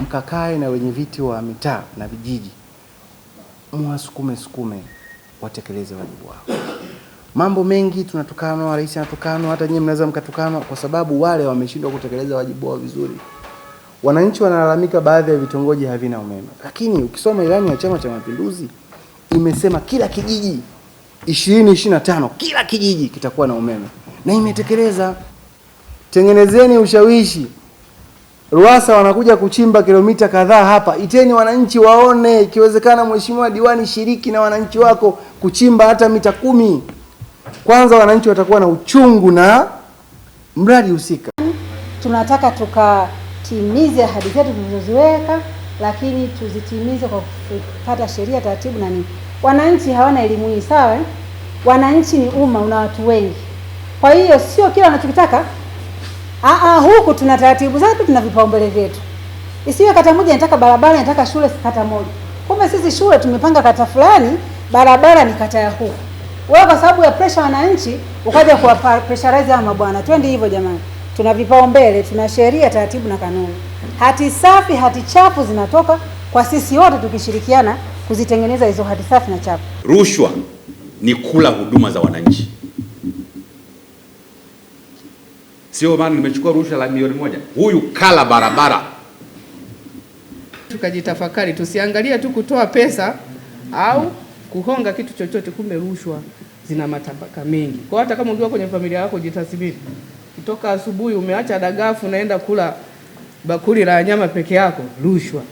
mkakae na wenye viti wa mitaa na vijiji, mwasukume sukume watekeleze wajibu wao. Mambo mengi tunatukanwa, rais anatukanwa, hata nyinyi mnaweza mkatukanwa kwa sababu wale wameshindwa kutekeleza wajibu wao vizuri. Wananchi wanalalamika baadhi ya vitongoji havina umeme, lakini ukisoma ilani ya Chama cha Mapinduzi imesema kila kijiji ishirini ishirini kila kijiji kitakuwa na umeme na imetekeleza. Tengenezeni ushawishi. Ruasa wanakuja kuchimba kilomita kadhaa hapa, iteni wananchi waone. Ikiwezekana mheshimiwa diwani, shiriki na wananchi wako kuchimba hata mita kumi. Kwanza wananchi watakuwa na uchungu na mradi husika. Tunataka tukatimize ahadi zetu tulizoziweka, lakini tuzitimize kwa kufuata sheria, taratibu na nini. Wananchi hawana elimu hii, sawa. Wananchi ni umma, una watu wengi, kwa hiyo sio kila wanachokitaka Aa, huku tuna taratibu zetu, tuna vipaumbele vyetu. Isiwe kata moja nataka barabara, nataka shule kata moja. Kumbe sisi shule tumepanga kata fulani, barabara ni kata ya huku. Wewe kwa sababu ya pressure wananchi ukaja kuwa pressurize ama mabwana. Twende hivyo jamani. Tuna vipaumbele, tuna sheria, taratibu na kanuni. Hati safi, hati chafu zinatoka kwa sisi wote tukishirikiana kuzitengeneza hizo hati safi na chafu. Rushwa ni kula huduma za wananchi. sio maana nimechukua rushwa la milioni moja. Huyu kala barabara. Tukajitafakari, tusiangalia tu kutoa pesa au kuhonga kitu chochote, kumbe rushwa zina matabaka mengi. Kwa hata kama ukiwa kwenye familia yako, jitathmini. Kutoka asubuhi umeacha dagafu naenda kula bakuli la nyama peke yako, rushwa.